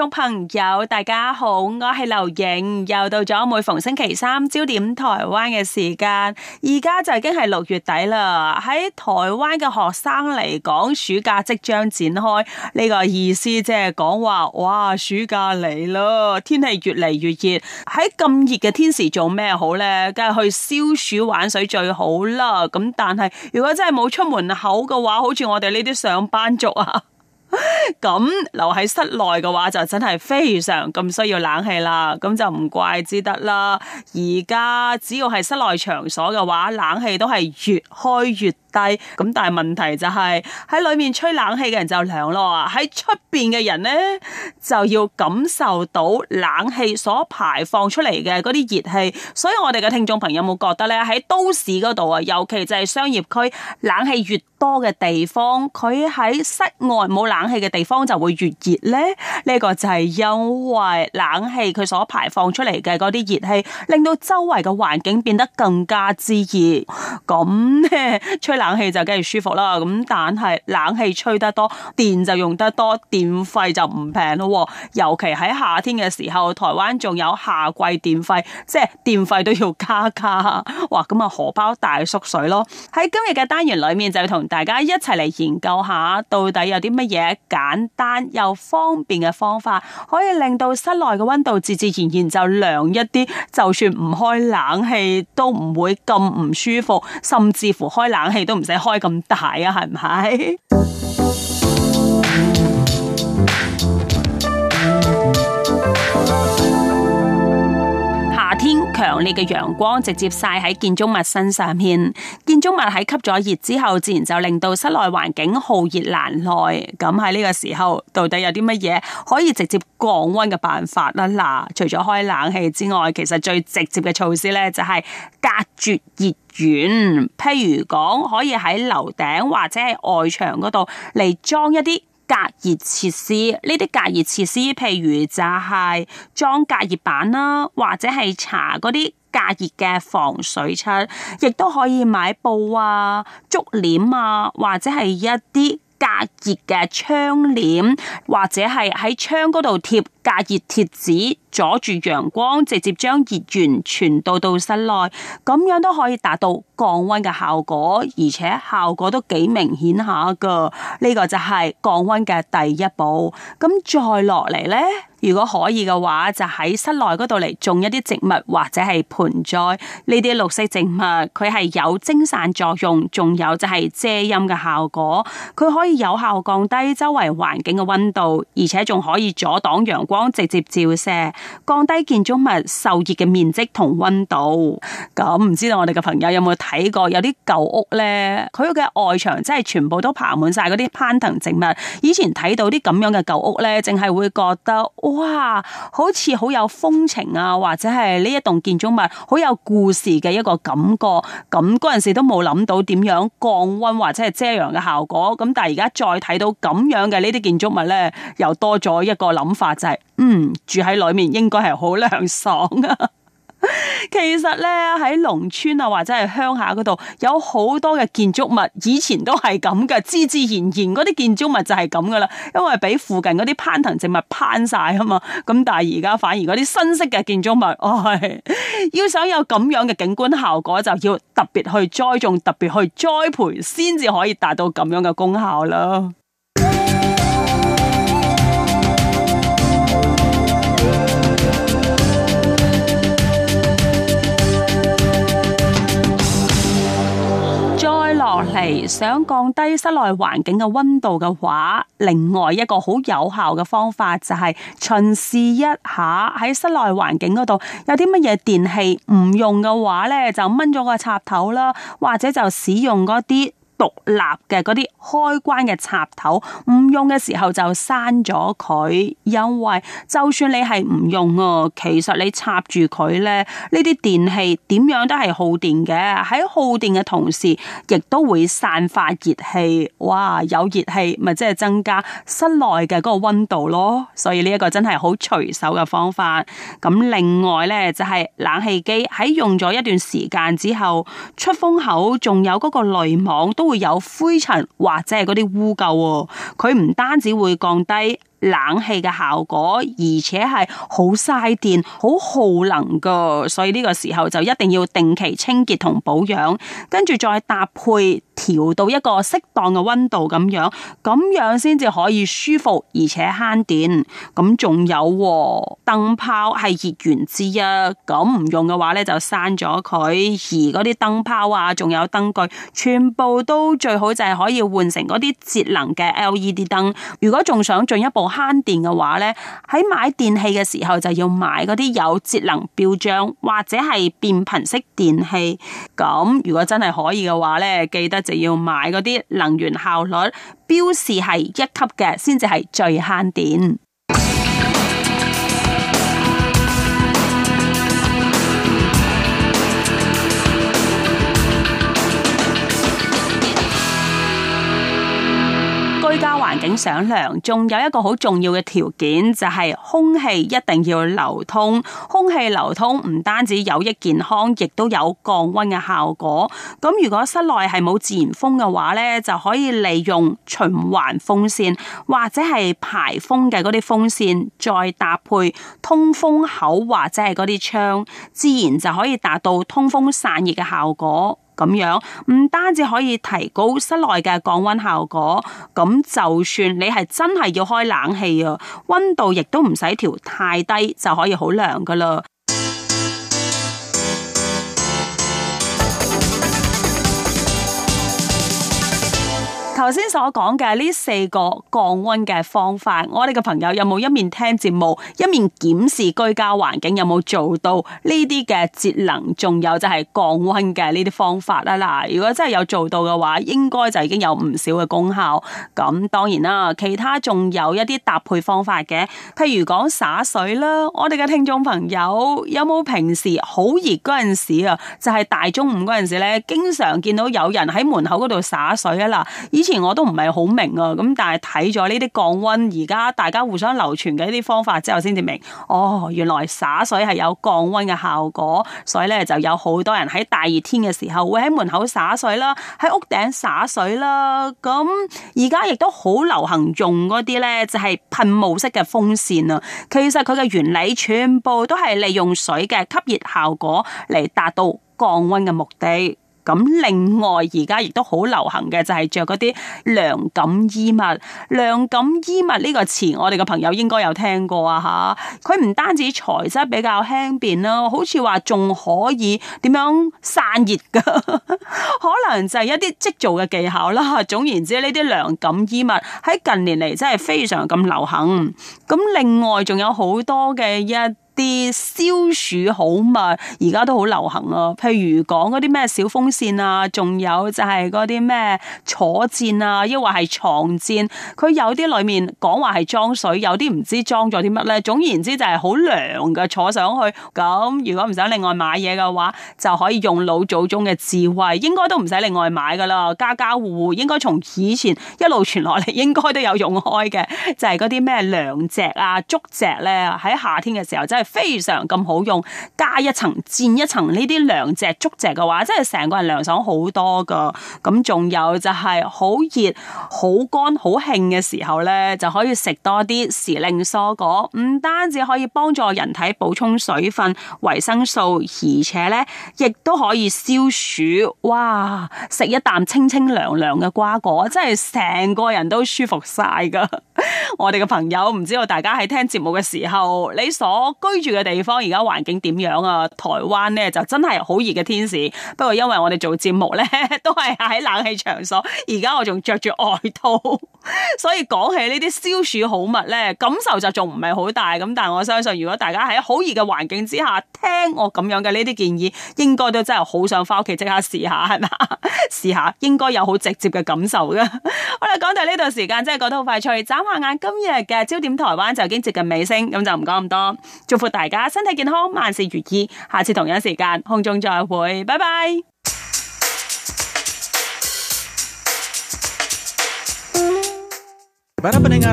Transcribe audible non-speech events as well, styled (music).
眾朋友，大家好，我係劉瑩，又到咗每逢星期三焦點台灣嘅時間，而家就已經係六月底啦。喺台灣嘅學生嚟講，暑假即將展開，呢、這個意思即係講話，哇，暑假嚟啦，天氣越嚟越熱，喺咁熱嘅天時做咩好呢？梗係去消暑玩水最好啦。咁但係如果真係冇出門口嘅話，好似我哋呢啲上班族啊。咁 (laughs) 留喺室內嘅話，就真係非常咁需要冷氣啦。咁就唔怪之得啦。而家只要係室內場所嘅話，冷氣都係越開越。但係咁，但問題就係喺裏面吹冷氣嘅人就涼咯，喺出邊嘅人呢，就要感受到冷氣所排放出嚟嘅嗰啲熱氣。所以我哋嘅聽眾朋友有冇覺得呢，喺都市嗰度啊，尤其就係商業區，冷氣越多嘅地方，佢喺室外冇冷氣嘅地方就會越熱呢呢、呢個就係因為冷氣佢所排放出嚟嘅嗰啲熱氣，令到周圍嘅環境變得更加之熱。咁呢吹。冷氣就梗係舒服啦，咁但係冷氣吹得多，電就用得多，電費就唔平咯。尤其喺夏天嘅時候，台灣仲有夏季電費，即係電費都要加價，哇！咁啊荷包大縮水咯。喺今日嘅單元裏面，就同大家一齊嚟研究下，到底有啲乜嘢簡單又方便嘅方法，可以令到室內嘅溫度自自然然就涼一啲，就算唔開冷氣都唔會咁唔舒服，甚至乎開冷氣。都唔使開咁大啊，係唔係？強烈嘅陽光直接晒喺建築物身上面，建築物喺吸咗熱之後，自然就令到室內環境酷熱難耐。咁喺呢個時候，到底有啲乜嘢可以直接降温嘅辦法呢？嗱，除咗開冷氣之外，其實最直接嘅措施呢，就係隔絕熱源，譬如講可以喺樓頂或者係外牆嗰度嚟裝一啲。隔熱設施，呢啲隔熱設施，譬如就係裝隔熱板啦，或者係搽嗰啲隔熱嘅防水漆，亦都可以買布啊、竹簾啊，或者係一啲隔熱嘅窗簾，或者係喺窗嗰度貼。隔熱貼紙，阻住陽光，直接將熱源傳導到室內，咁樣都可以達到降温嘅效果，而且效果都幾明顯下噶。呢個就係降溫嘅第一步。咁再落嚟咧，如果可以嘅話，就喺室內度嚟種一啲植物或者係盆栽，呢啲綠色植物，佢係有蒸散作用，仲有就係遮陰嘅效果，佢可以有效降低周圍環境嘅温度，而且仲可以阻擋陽光，直接照射，降低建築物受熱嘅面積同溫度。咁、嗯、唔知道我哋嘅朋友有冇睇過？有啲舊屋咧，佢嘅外牆真係全部都爬滿晒嗰啲攀藤植物。以前睇到啲咁樣嘅舊屋咧，淨係會覺得哇，好似好有風情啊，或者係呢一棟建築物好有故事嘅一個感覺。咁嗰陣時都冇諗到點樣降温或者係遮陽嘅效果。咁、嗯、但係而家再睇到咁樣嘅呢啲建築物咧，又多咗一個諗法就係、是。嗯，住喺裏面應該係好涼爽啊！ (laughs) 其實咧，喺農村啊或者係鄉下嗰度，有好多嘅建築物以前都係咁嘅，自自然然嗰啲建築物就係咁噶啦，因為俾附近嗰啲攀藤植物攀晒啊嘛。咁但係而家反而嗰啲新式嘅建築物，哦、哎，要想有咁樣嘅景觀效果，就要特別去栽種、特別去栽培，先至可以達到咁樣嘅功效囉。落嚟想降低室內環境嘅温度嘅話，另外一個好有效嘅方法就係巡視一下喺室內環境嗰度有啲乜嘢電器唔用嘅話咧，就掹咗個插頭啦，或者就使用嗰啲。獨立嘅嗰啲開關嘅插頭，唔用嘅時候就閂咗佢，因為就算你係唔用哦，其實你插住佢呢，呢啲電器點樣都係耗電嘅，喺耗電嘅同時，亦都會散發熱氣，哇，有熱氣咪即係增加室內嘅嗰個溫度咯，所以呢一個真係好隨手嘅方法。咁另外呢，就係冷氣機喺用咗一段時間之後，出風口仲有嗰個濾網都。會有灰塵或者係嗰啲污垢哦，佢唔單止會降低，冷氣嘅效果，而且係好嘥電、好耗能噶，所以呢個時候就一定要定期清潔同保養，跟住再搭配調到一個適當嘅溫度咁樣，咁樣先至可以舒服而且慳電。咁仲有燈泡係熱源之一，咁唔用嘅話咧就閂咗佢，而啲燈泡啊，仲有燈具，全部都最好就係可以換成啲節能嘅 LED 燈。如果仲想進一步，慳電嘅話呢，喺買電器嘅時候就要買嗰啲有節能標章或者係變頻式電器。咁如果真係可以嘅話呢，記得就要買嗰啲能源效率標示係一級嘅，先至係最慳電。家環境上涼，仲有一個好重要嘅條件，就係空氣一定要流通。空氣流通唔單止有益健康，亦都有降溫嘅效果。咁如果室內係冇自然風嘅話呢，就可以利用循環風扇或者係排風嘅嗰啲風扇，再搭配通風口或者係嗰啲窗，自然就可以達到通風散熱嘅效果。咁樣唔單止可以提高室內嘅降溫效果，咁就算你係真係要開冷氣啊，溫度亦都唔使調太低就可以好涼噶啦。頭先所講嘅呢四個降溫嘅方法，我哋嘅朋友有冇一面聽節目一面檢視居家環境有冇做到呢啲嘅節能，仲有就係降溫嘅呢啲方法啦嗱，如果真係有做到嘅話應該就已經有唔少嘅功效。咁當然啦，其他仲有一啲搭配方法嘅，譬如講灑水啦。我哋嘅聽眾朋友有冇平時好熱陣時啊，就係大中午陣時咧，經常見到有人喺門口度灑水啊？嗱，以前。我都唔係好明啊，咁但係睇咗呢啲降溫，而家大家互相流傳嘅一啲方法之後，先至明哦，原來灑水係有降溫嘅效果，所以咧就有好多人喺大熱天嘅時候會喺門口灑水啦，喺屋頂灑水啦。咁而家亦都好流行用嗰啲咧，就係噴霧式嘅風扇啊。其實佢嘅原理全部都係利用水嘅吸熱效果嚟達到降溫嘅目的。咁另外而家亦都好流行嘅就係着嗰啲涼感衣物。涼感衣物呢個詞我哋嘅朋友應該有聽過啊吓。佢唔單止材質比較輕便啦，好似話仲可以點樣散熱噶，可能就係一啲織造嘅技巧啦。總言之，呢啲涼感衣物喺近年嚟真係非常咁流行。咁另外仲有好多嘅一。啲消暑好物而家都好流行啊！譬如講嗰啲咩小風扇啊，仲有就係嗰啲咩坐墊啊，抑或係床墊，佢有啲裏面講話係裝水，有啲唔知裝咗啲乜咧。總言之就係好涼嘅，坐上去咁。如果唔使另外買嘢嘅話，就可以用老祖宗嘅智慧，應該都唔使另外買噶啦。家家戶戶應該從以前一路傳落嚟，應該都有用開嘅，就係嗰啲咩涼席啊、竹席咧。喺夏天嘅時候真係。非常咁好用，加一層、墊一層呢啲涼席、竹席嘅話，真係成個人涼爽好多噶。咁仲有就係好熱、好乾、好興嘅時候咧，就可以食多啲時令蔬果，唔單止可以幫助人體補充水分、維生素，而且咧亦都可以消暑。哇！食一啖清清涼涼嘅瓜果，真係成個人都舒服晒噶。 (laughs) 我哋嘅朋友，唔知道大家喺聽節目嘅時候，你所居住嘅地方而家環境點樣啊？台灣呢就真係好熱嘅天時。不過因為我哋做節目呢都係喺冷氣場所，而家我仲着住外套， (laughs) 所以講起呢啲消暑好物呢，感受就仲唔係好大。咁但係我相信，如果大家喺好熱嘅環境之下聽我咁樣嘅呢啲建議，應該都真係好想返屋企即刻試下，係咪？試 (laughs) 下應該有好直接嘅感受噶。 (laughs) 好啦，講到呢度時間真係覺得好快脆。眨下眼今日嘅焦點台灣就已經接近尾聲，咁就唔講咁多。祝大家身體健康，萬事如意！下次同樣時間空中再會，拜拜。拜託你啦。